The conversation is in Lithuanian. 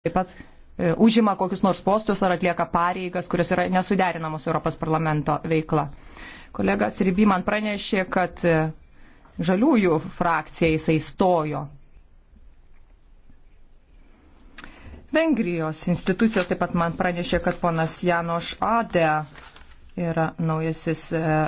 taip pat e, užima kokius nors postus ar atlieka pareigas, kurios yra nesuderinamos Europos parlamento veikla. Kolegas Ryby man pranešė, kad e, žaliųjų frakcija jisai stojo. Vengrijos institucijos taip pat man pranešė, kad ponas Janoš Ade yra naujasis e,